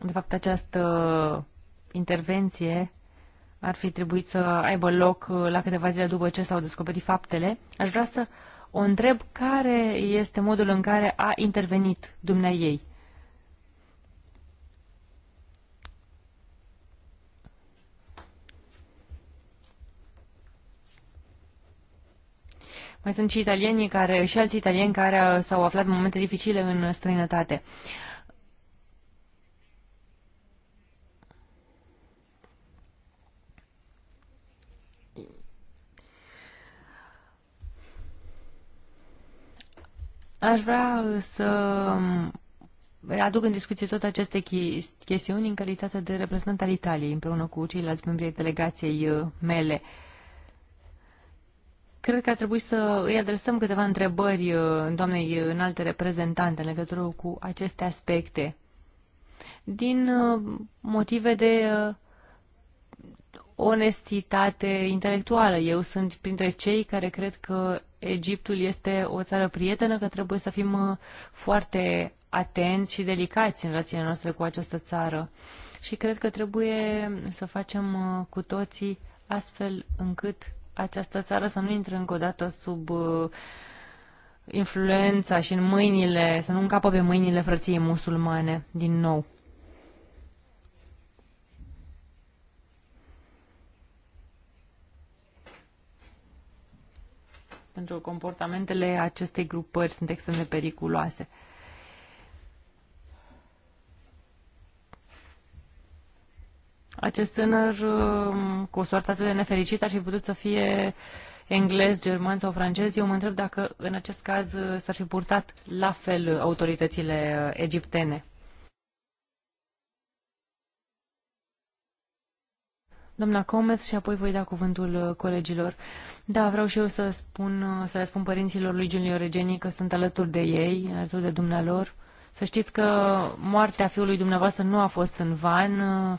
de fapt această intervenție ar fi trebuit să aibă loc uh, la câteva zile după ce s-au descoperit faptele, aș vrea să o întreb care este modul în care a intervenit dumneai ei. Mai sunt și italienii care, și alți italieni care s-au aflat în momente dificile în străinătate. Uh, Aș vrea uh, să um, aduc în discuție toate aceste chestiuni în calitate de reprezentant al Italiei, împreună cu ceilalți membri ai delegației uh, mele. Cred că ar trebui să îi adresăm câteva întrebări uh, doamnei alte reprezentante în legătură cu aceste aspecte. Din motive de onestitate intelectuală. Eu sunt printre cei care cred că Egiptul este o țară prietenă, că trebuie să fim uh, foarte atenți și delicați în relația noastră cu această țară. Și cred că trebuie să facem uh, cu toții astfel încât această țară să nu intre încă o dată sub uh, influența și în mâinile, să nu încapă pe mâinile frăției musulmane din nou. pentru că comportamentele acestei grupări sunt extrem de periculoase. Acest tânăr um, cu o soartă atât de nefericită ar fi putut să fie englez, german sau francez. Eu mă întreb dacă în acest caz s-ar fi purtat la fel autoritățile uh, egiptene. doamna Comeț și apoi voi da cuvântul uh, colegilor. Da, vreau și eu să spun, uh, să le spun părinților lui Giulio Regeni că sunt alături de ei, alături de dumnealor. Să știți că moartea fiului dumneavoastră nu a fost în van. Uh,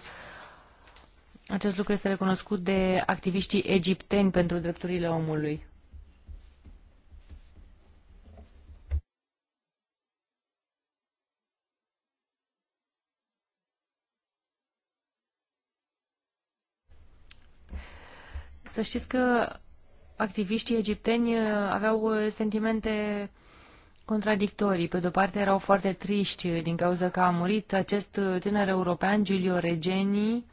acest lucru este recunoscut de activiștii egipteni pentru drepturile omului. Să știți că activiștii egipteni uh, aveau uh, sentimente contradictorii. Pe de-o parte erau foarte triști uh, din cauza că a murit acest tânăr european, Giulio Regeni,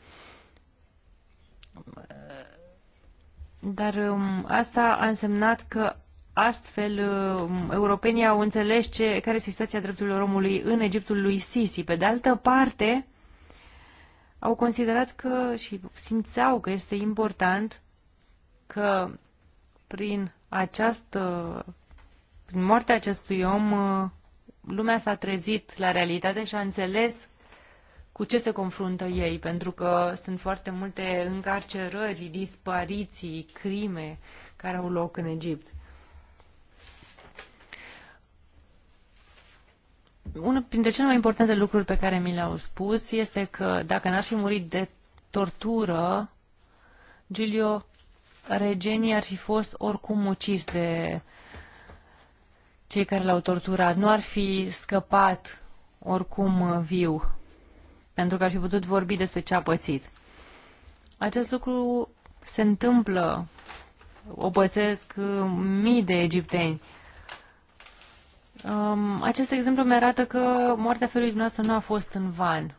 dar um, asta a însemnat că astfel um, europenii au înțeles ce, care este situația drepturilor omului în Egiptul lui Sisi. Pe de altă parte, au considerat că și simțeau că este important că prin această, prin moartea acestui om, lumea s-a trezit la realitate și a înțeles cu ce se confruntă ei, pentru că sunt foarte multe încarcerări, dispariții, crime care au loc în Egipt. Unul dintre cele mai importante lucruri pe care mi le-au spus este că dacă n-ar fi murit de tortură, Giulio regenii ar fi fost oricum ucis de cei care l-au torturat. Nu ar fi scăpat oricum viu, pentru că ar fi putut vorbi despre ce a pățit. Acest lucru se întâmplă, o pățesc uh, mii de egipteni. Um, acest exemplu mi arată că moartea felului dumneavoastră nu a fost în van.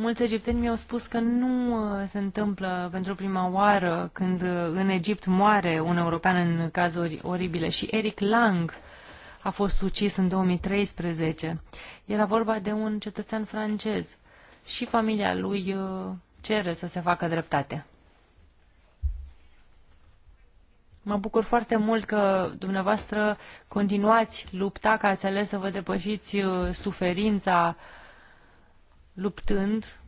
Mulți egipteni mi-au spus că nu uh, se întâmplă pentru prima oară când uh, în Egipt moare un european în cazuri oribile și Eric Lang a fost ucis în 2013. Era vorba de un cetățean francez și familia lui uh, cere să se facă dreptate. Mă bucur foarte mult că dumneavoastră continuați lupta, că ați ales să vă depășiți suferința uh, luptând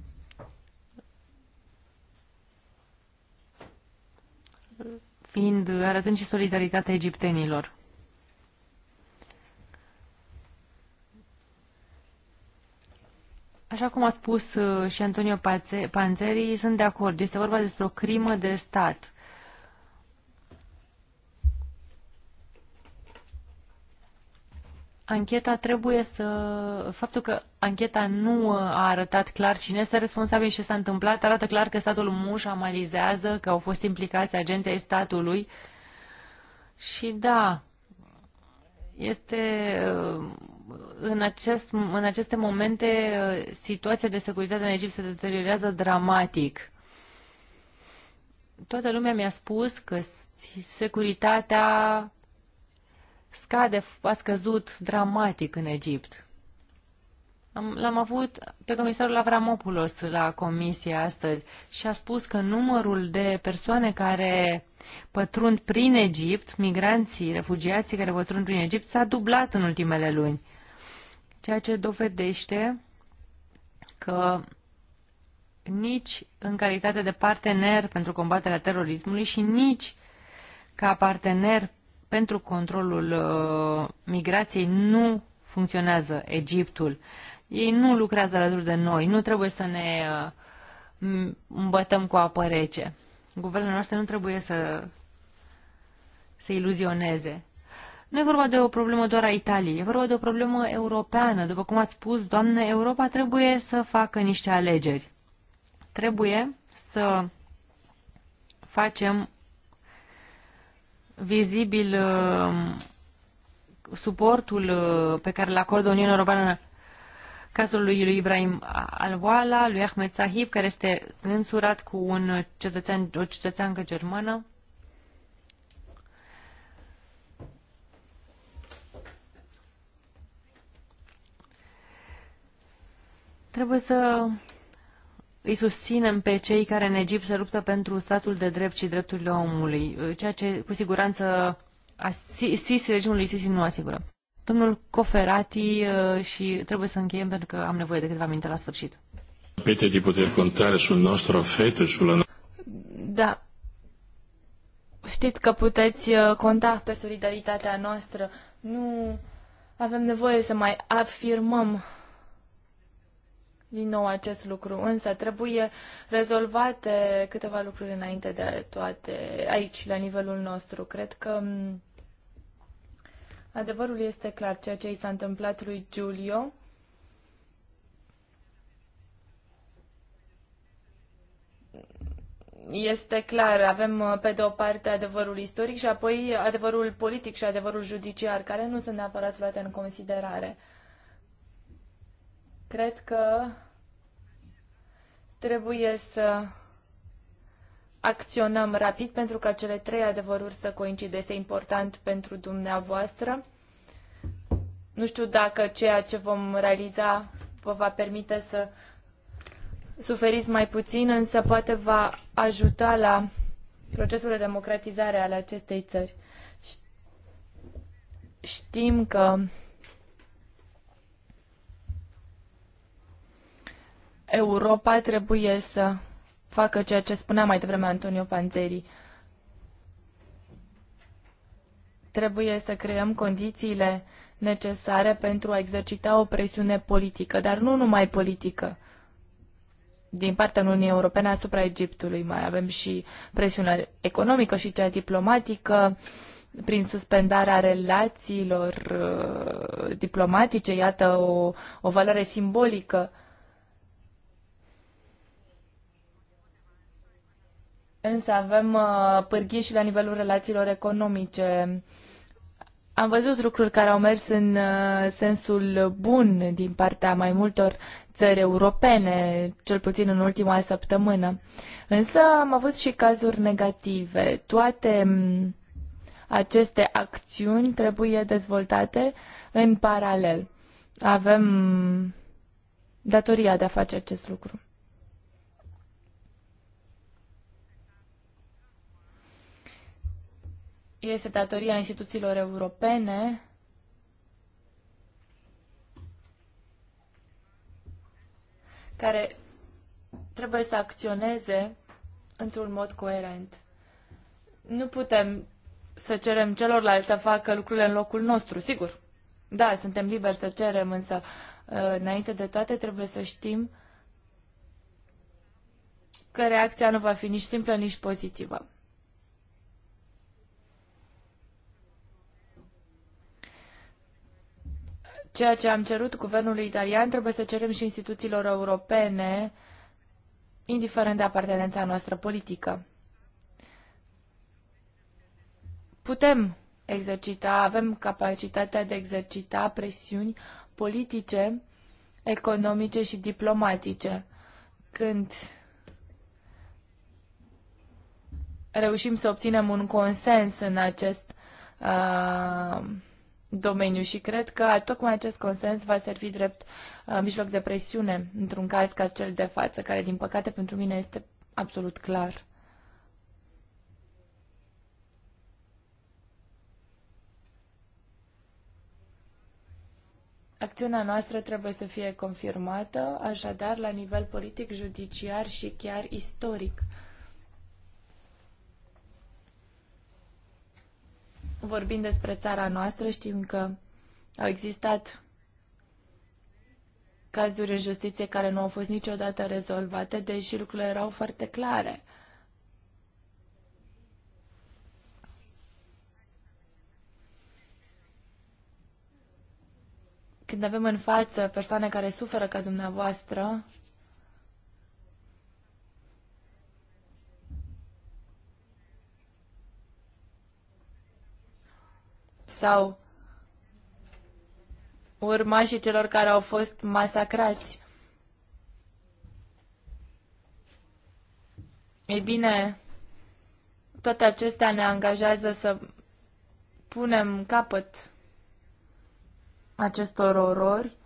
fiind, arătând și solidaritatea egiptenilor. Așa cum a spus uh, și Antonio Panzeri, sunt de acord. Este vorba despre o crimă de stat. ancheta trebuie să... Faptul că ancheta nu a arătat clar cine este responsabil și ce s-a întâmplat, arată clar că statul Muș amalizează, că au fost implicați agenții statului. Și da, este în, acest, în aceste momente situația de securitate în Egipt se deteriorează dramatic. Toată lumea mi-a spus că securitatea scade, a scăzut dramatic în Egipt. L-am avut pe comisarul Avramopoulos la comisie astăzi și a spus că numărul de persoane care pătrund prin Egipt, migranții, refugiații care pătrund prin Egipt, s-a dublat în ultimele luni. Ceea ce dovedește că nici în calitate de partener pentru combaterea terorismului și nici ca partener pentru controlul uh, migrației nu funcționează Egiptul. Ei nu lucrează alături de noi, nu trebuie să ne uh, îmbătăm cu apă rece. Guvernul nostru nu trebuie să se iluzioneze. Nu e vorba de o problemă doar a Italiei, e vorba de o problemă europeană. După cum ați spus, doamne, Europa trebuie să facă niște alegeri. Trebuie să facem vizibil uh, suportul uh, pe care îl acordă Uniunea Europeană cazul lui, lui Ibrahim Alwala, lui Ahmed Sahib, care este însurat cu un cetățean, o cetățeancă germană. Trebuie să îi susținem pe cei care în Egipt se luptă pentru statul de drept și drepturile omului, uh, ceea ce cu siguranță SIS, regimul lui SIS nu asigură. Domnul Coferati uh, și trebuie să încheiem pentru că am nevoie de câteva minute la sfârșit. Pete de puter contare sul nostru affetto și sulla Da. Știți că puteți uh, conta pe solidaritatea noastră. Nu avem nevoie să mai afirmăm din nou acest lucru, însă trebuie rezolvate câteva lucruri înainte de toate aici, la nivelul nostru. Cred că mm, adevărul este clar, ceea ce i s-a întâmplat lui Giulio este clar, avem uh, pe de o parte adevărul istoric și apoi adevărul politic și adevărul judiciar, care nu sunt neapărat luate în considerare. Cred că trebuie să acționăm rapid pentru ca cele trei adevăruri să coincidă. Este important pentru dumneavoastră. Nu știu dacă ceea ce vom realiza vă va permite să suferiți mai puțin, însă poate va ajuta la procesul de democratizare al acestei țări. Știm că Europa trebuie să facă ceea ce spunea mai devreme Antonio Panzeri. Trebuie să creăm condițiile necesare pentru a exercita o presiune politică, dar nu numai politică. Din partea Uniunii Europene asupra Egiptului mai avem și presiunea economică și cea diplomatică prin suspendarea relațiilor uh, diplomatice, iată o, o valoare simbolică uh, Însă avem uh, pârghii și la nivelul relațiilor economice. Am văzut lucruri care au mers în uh, sensul bun din partea mai multor țări europene, cel puțin în ultima săptămână. Însă am avut și cazuri negative. Toate aceste acțiuni trebuie dezvoltate în paralel. Avem datoria de a face acest lucru. Este datoria instituțiilor europene care trebuie să acționeze într-un mod coerent. Nu putem să cerem celorlalți să facă lucrurile în locul nostru, sigur. Da, suntem liberi să cerem, însă ă, înainte de toate trebuie să știm că reacția nu va fi nici simplă, nici pozitivă. Ceea ce am cerut guvernului italian trebuie să cerem și instituțiilor europene, indiferent de apartenența noastră politică. Putem exercita, avem capacitatea de a exercita presiuni politice, economice și diplomatice. Când reușim să obținem un consens în acest uh, domeniu și cred că tocmai acest consens va servi drept uh, mijloc de presiune într-un caz ca cel de față, care din păcate pentru mine este absolut clar. Acțiunea noastră trebuie să fie confirmată, așadar, la nivel politic, judiciar și chiar istoric. Vorbind despre țara noastră, știm că au existat cazuri în justiție care nu au fost niciodată rezolvate, deși lucrurile erau foarte clare. Când avem în față persoane care suferă ca dumneavoastră, sau urmașii celor care au fost masacrați. Ei bine, toate acestea ne angajează să punem capăt acestor orori,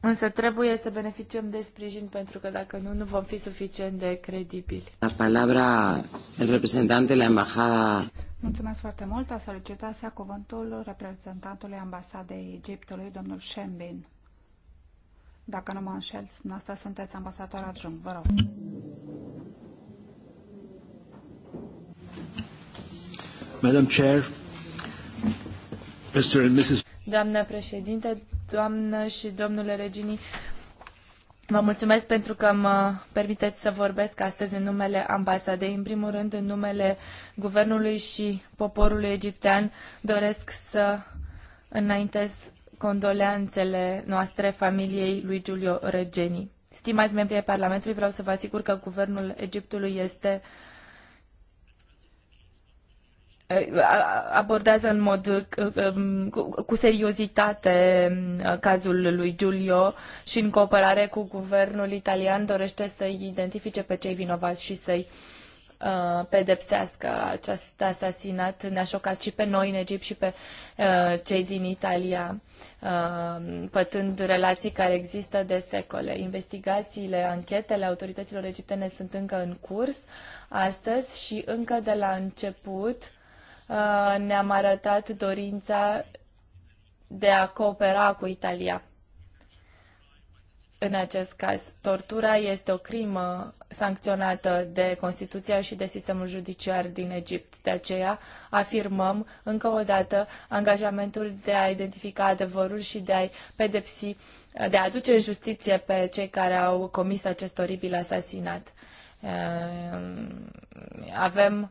însă trebuie să beneficiem de sprijin pentru că dacă nu, nu vom fi suficient de credibili. La palabra el reprezentant de la embajada Mulțumesc foarte mult. A solicitat să cuvântul reprezentantului ambasadei Egiptului, domnul Shembin. Dacă nu mă înșel, dumneavoastră sunteți ambasador adjunct. Vă rog. Madam Chair, Mr. and Mrs. Doamnă președinte, doamnă și domnule Reginii, Vă mulțumesc pentru că mă permiteți să vorbesc astăzi în numele ambasadei. În primul rând, în numele guvernului și poporului egiptean, doresc să înaintez condoleanțele noastre familiei lui Giulio Regeni. Stimați membrii Parlamentului, vreau să vă asigur că guvernul Egiptului este uh, abordează în mod cu seriozitate uh, cazul lui Giulio și în cooperare cu guvernul italian dorește să-i identifice pe cei vinovați și să-i uh, pedepsească. Acest asasinat ne-a șocat și pe noi în Egipt și pe uh, cei din Italia, pătând relații care există de secole. Investigațiile, anchetele autorităților egiptene sunt încă în curs astăzi și încă de la început Uh, ne-am arătat dorința de a coopera cu Italia. În acest caz, tortura este o crimă sancționată de Constituția și de sistemul judiciar din Egipt. De aceea afirmăm încă o dată angajamentul de a identifica adevărul și de a-i pedepsi, de a aduce în justiție pe cei care au comis acest oribil asasinat. Uh, avem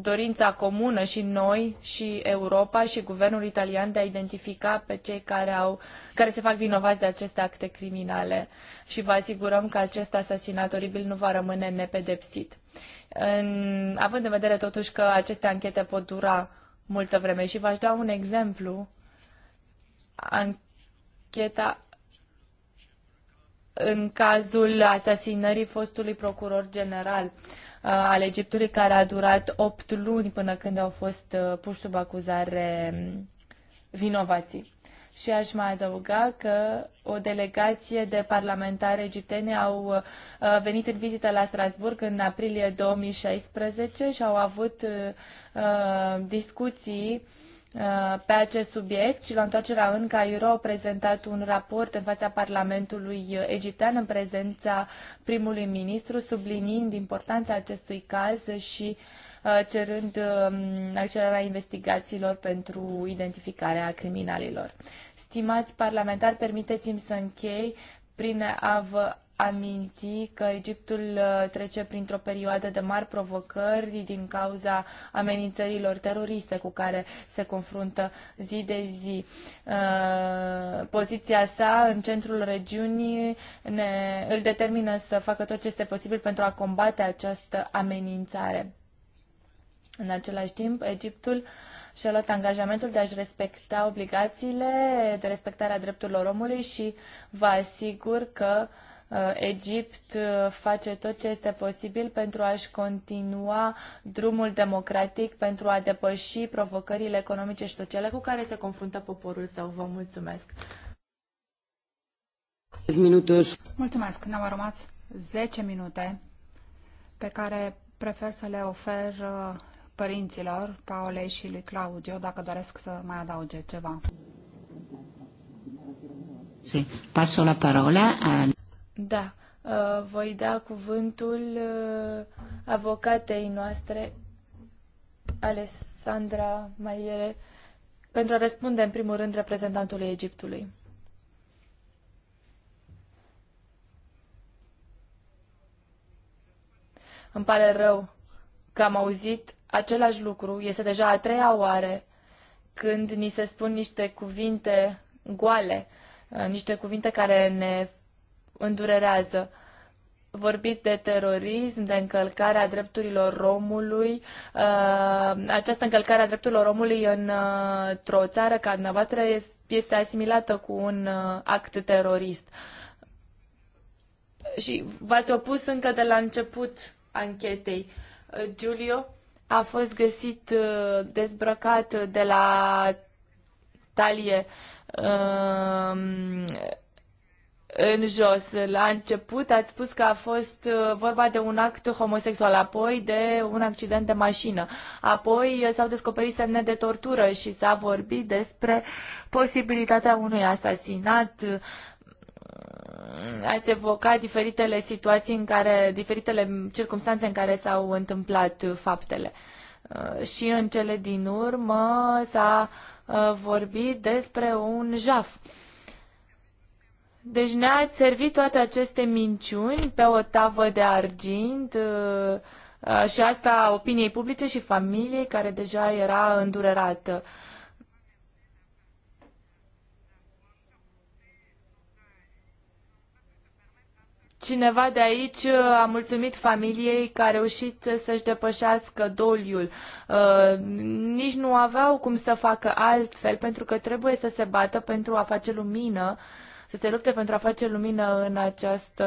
dorința comună și noi și Europa și guvernul italian de a identifica pe cei care, au, care se fac vinovați de aceste acte criminale și vă asigurăm că acest asasinat oribil nu va rămâne nepedepsit. În, având în vedere totuși că aceste anchete pot dura multă vreme și v-aș da un exemplu, ancheta în cazul asasinării fostului procuror general uh, al Egiptului, care a durat 8 luni până când au fost uh, puși sub acuzare um, vinovații. Și aș mai adăuga că o delegație de parlamentari egipteni au uh, venit în vizită la Strasburg în aprilie 2016 și au avut discuții Uh, pe acest subiect și la întoarcerea în Cairo a prezentat un raport în fața Parlamentului uh, egiptean în prezența primului ministru, subliniind importanța acestui caz și uh, cerând um, accelerarea investigațiilor pentru identificarea criminalilor. Stimați parlamentari, permiteți-mi să închei prin a vă aminti că Egiptul uh, trece printr-o perioadă de mari provocări din cauza amenințărilor teroriste cu care se confruntă zi de zi. Uh, poziția sa în centrul regiunii ne, îl determină să facă tot ce este posibil pentru a combate această amenințare. În același timp, Egiptul și-a luat angajamentul de a-și respecta obligațiile de respectare a drepturilor omului și vă asigur că uh, Uh, Egipt uh, face tot ce este posibil pentru a-și continua drumul democratic, pentru a depăși provocările economice și sociale cu care se confruntă poporul său. Vă mulțumesc! Mulțumesc! Ne-au rămas 10 minute pe care prefer să le ofer uh, părinților, Paolei și lui Claudio, dacă doresc să mai adauge ceva. Sì, passo la parola a... Da, uh, voi da cuvântul uh, avocatei noastre, Alessandra Maiere, pentru a răspunde în primul rând reprezentantului Egiptului. Îmi pare rău că am auzit același lucru, este deja a treia oară când ni se spun niște cuvinte goale, uh, niște cuvinte care ne îndurerează. Vorbiți de terorism, de încălcarea drepturilor omului. Uh, această încălcare a drepturilor omului uh, într-o țară ca dumneavoastră este asimilată cu un uh, act terorist. Și v-ați opus încă de la început anchetei. Giulio a fost găsit dezbrăcat de la talie în jos. La început ați spus că a fost uh, vorba de un act homosexual, apoi de un accident de mașină. Apoi uh, s-au descoperit semne de tortură și s-a vorbit despre posibilitatea unui asasinat. Mm, ați evocat diferitele situații în care, diferitele circunstanțe în care s-au întâmplat faptele. Uh, și în cele din urmă s-a vorbit despre un jaf. Uh, deci ne-ați servit toate aceste minciuni pe o tavă de argint uh, uh, și asta opiniei publice și familiei care deja era îndurerată. Cineva de aici uh, a mulțumit familiei că a reușit să-și depășească doliul. nici nu aveau cum să facă altfel, pentru că trebuie să se bată pentru a face lumină să se lupte pentru a face lumină în această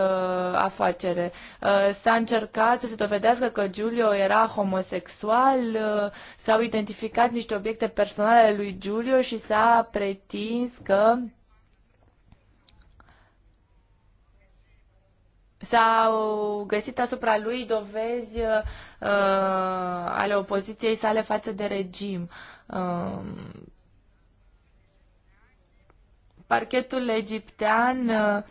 afacere. Uh, s-a încercat să se dovedească că Giulio era homosexual, uh, s-au identificat niște obiecte personale ale lui Giulio și s-a pretins că s-au găsit asupra lui dovezi uh, ale opoziției sale față de regim. Uh, parchetul egiptean uh,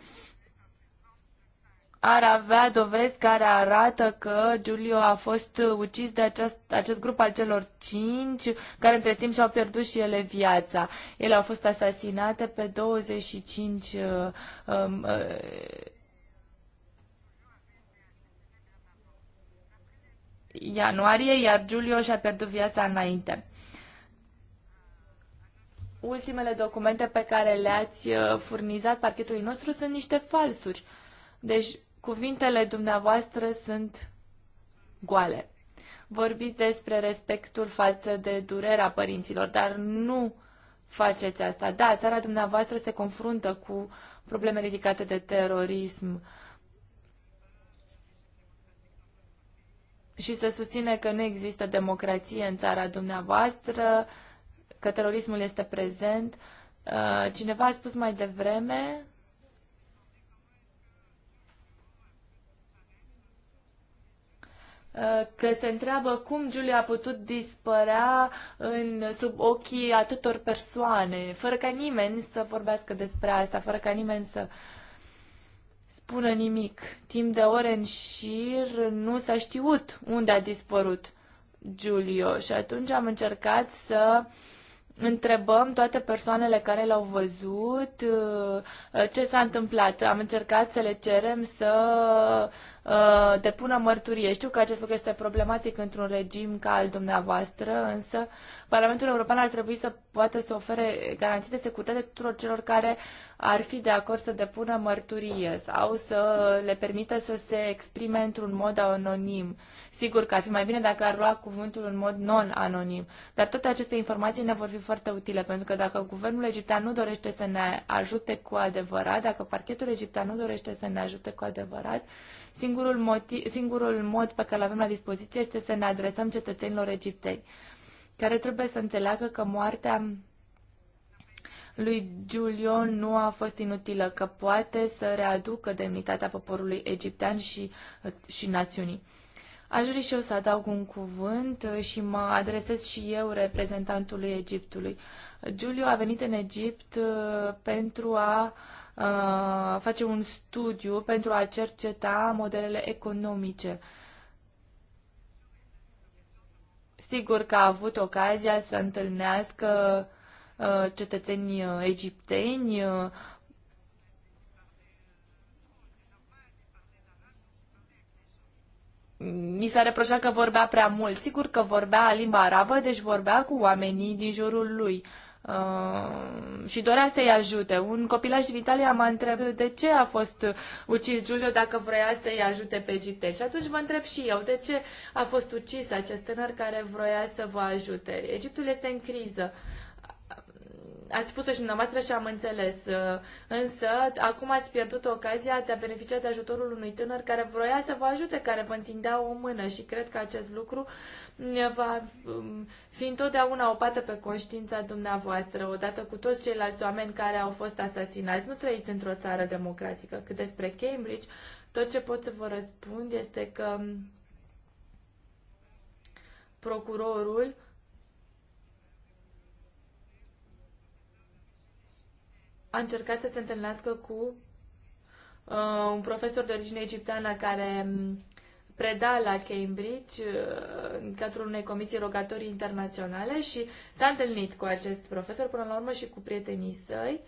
ar avea dovezi care arată că Giulio a fost ucis de acest, acest grup al celor cinci, care între timp și-au pierdut și ele viața. Ele au fost asasinate pe 25 uh, um, uh, ianuarie, iar Giulio și-a pierdut viața înainte ultimele documente pe care le-ați uh, furnizat parchetului nostru sunt niște falsuri. Deci, cuvintele dumneavoastră sunt goale. Vorbiți despre respectul față de durerea părinților, dar nu faceți asta. Da, țara dumneavoastră se confruntă cu probleme ridicate de terorism și se susține că nu există democrație în țara dumneavoastră că terorismul este prezent. Uh, cineva a spus mai devreme uh, că se întreabă cum Julia a putut dispărea în, sub ochii atâtor persoane, fără ca nimeni să vorbească despre asta, fără ca nimeni să spună nimic. Timp de ore în șir nu s-a știut unde a dispărut Giulio și atunci am încercat să uh, întrebăm toate persoanele care l-au văzut uh, ce s-a întâmplat. Am încercat să le cerem să Uh, depună mărturie. Știu că acest lucru este problematic într-un regim ca al dumneavoastră, însă Parlamentul European ar trebui să poată să ofere garanții de securitate tuturor celor care ar fi de acord să depună mărturie sau să le permită să se exprime într-un mod anonim. Sigur că ar fi mai bine dacă ar lua cuvântul în mod non-anonim, dar toate aceste informații ne vor fi foarte utile, pentru că dacă guvernul egiptean nu dorește să ne ajute cu adevărat, dacă parchetul egiptean nu dorește să ne ajute cu adevărat, Singurul, motiv, singurul mod pe care îl avem la dispoziție este să ne adresăm cetățenilor egipteni, care trebuie să înțeleagă că moartea lui Giulio nu a fost inutilă, că poate să readucă demnitatea poporului egiptean și, și națiunii. Aș vrea și eu să adaug un cuvânt și mă adresez și eu reprezentantului Egiptului. Giulio a venit în Egipt uh, pentru a Uh, face un studiu pentru a cerceta modelele economice. Sigur că a avut ocazia să întâlnească uh, cetățeni egipteni, mi uh, s-a reproșat că vorbea prea mult. Sigur că vorbea limba arabă, deci vorbea cu oamenii din jurul lui. Uh, uh, și dorea să-i ajute. Un copilaj din Italia m-a întrebat de ce a fost ucis Giulio dacă vroia să-i ajute pe Gite. Și atunci vă întreb și eu, de ce a fost ucis acest tânăr care vroia să vă ajute? Egiptul este în criză. Uh, ați spus-o și dumneavoastră și am înțeles, uh, însă acum ați pierdut ocazia de a beneficia de ajutorul unui tânăr care vroia să vă ajute, care vă întindea o mână și cred că acest lucru mm, va mm, fi întotdeauna o pată pe conștiința dumneavoastră, odată cu toți ceilalți oameni care au fost asasinați. Nu trăiți într-o țară democratică. Cât despre Cambridge, tot ce pot să vă răspund este că mm, procurorul a încercat să se întâlnească cu uh, un profesor de origine egipteană care mm, preda la Cambridge uh, în cadrul unei comisii rogatorii internaționale și s-a întâlnit cu acest profesor până la urmă și cu prietenii săi.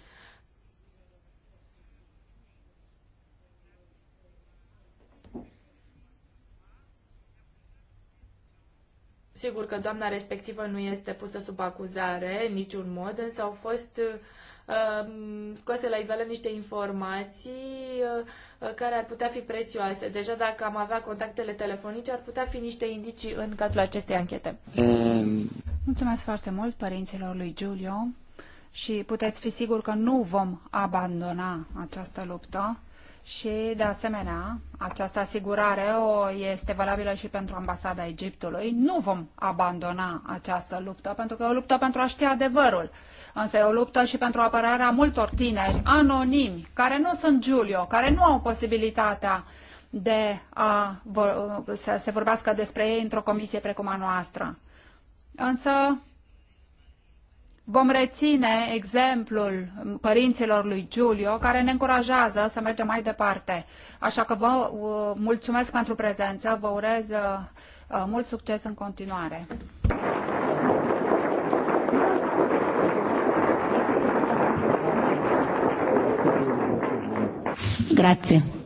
Sigur că doamna respectivă nu este pusă sub acuzare în niciun mod, însă au fost uh, Um, scoase la iveală niște informații uh, uh, care ar putea fi prețioase. Deja dacă am avea contactele telefonice, ar putea fi niște indicii în cadrul acestei anchete. Mm. Mulțumesc foarte mult părinților lui Giulio și puteți fi sigur că nu vom abandona această luptă și, de asemenea, această asigurare o este valabilă și pentru ambasada Egiptului. Nu vom abandona această luptă, pentru că e o luptă pentru a ști adevărul. Însă e o luptă și pentru apărarea multor tineri anonimi, care nu sunt Giulio, care nu au posibilitatea de a vor, să se vorbească despre ei într-o comisie precum a noastră. Însă Vom reține exemplul părinților lui Giulio, care ne încurajează să mergem mai departe. Așa că vă uh, mulțumesc pentru prezență, vă urez uh, uh, mult succes în continuare. Grazie.